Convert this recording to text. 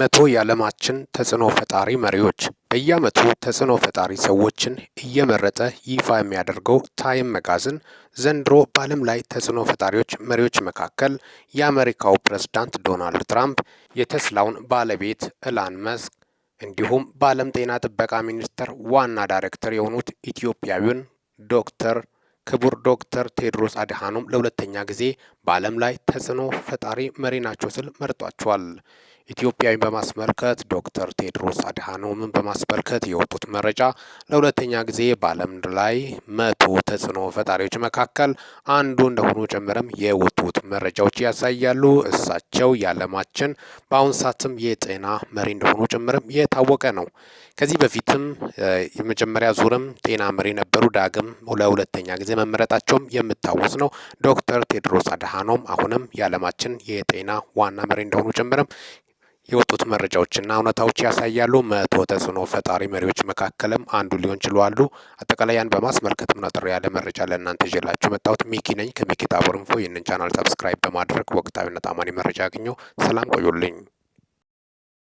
መቶ የዓለማችን ተጽዕኖ ፈጣሪ መሪዎች በየዓመቱ ተጽዕኖ ፈጣሪ ሰዎችን እየመረጠ ይፋ የሚያደርገው ታይም መጋዝን ዘንድሮ በዓለም ላይ ተጽዕኖ ፈጣሪዎች መሪዎች መካከል የአሜሪካው ፕሬዝዳንት ዶናልድ ትራምፕ፣ የተስላውን ባለቤት ኢላን መስክ እንዲሁም በዓለም ጤና ጥበቃ ሚኒስቴር ዋና ዳይሬክተር የሆኑት ኢትዮጵያዊውን ዶክተር ክቡር ዶክተር ቴድሮስ አድሃኖም ለሁለተኛ ጊዜ በዓለም ላይ ተጽዕኖ ፈጣሪ መሪ ናቸው ስል መርጧቸዋል። ኢትዮጵያዊን በማስመልከት ዶክተር ቴድሮስ አድሃኖምን በማስመልከት የወጡት መረጃ ለሁለተኛ ጊዜ በዓለም ላይ መቶ ተጽዕኖ ፈጣሪዎች መካከል አንዱ እንደሆኑ ጭምርም የወጡት መረጃዎች ያሳያሉ። እሳቸው የዓለማችን በአሁን ሰዓትም የጤና መሪ እንደሆኑ ጭምርም የታወቀ ነው። ከዚህ በፊትም የመጀመሪያ ዙርም ጤና መሪ ነበሩ። ዳግም ለሁለተኛ ጊዜ መመረጣቸውም የምታወስ ነው። ዶክተር ቴድሮስ አድሃኖም አሁንም የዓለማችን የጤና ዋና መሪ እንደሆኑ ጭምርም የወጡት መረጃዎችና እውነታዎች ያሳያሉ። መቶ ተጽዕኖ ፈጣሪ መሪዎች መካከልም አንዱ ሊሆን ችሏሉ። አጠቃላይ ያን በማስመልከት ምናጥር ያለ መረጃ ለእናንተ ይዤላችሁ መጣሁት። ሚኪ ነኝ ከሚኪ ታቦር ኢንፎ። ይህንን ቻናል ሰብስክራይብ በማድረግ ወቅታዊና ታማኒ መረጃ ያግኙ። ሰላም ቆዩልኝ።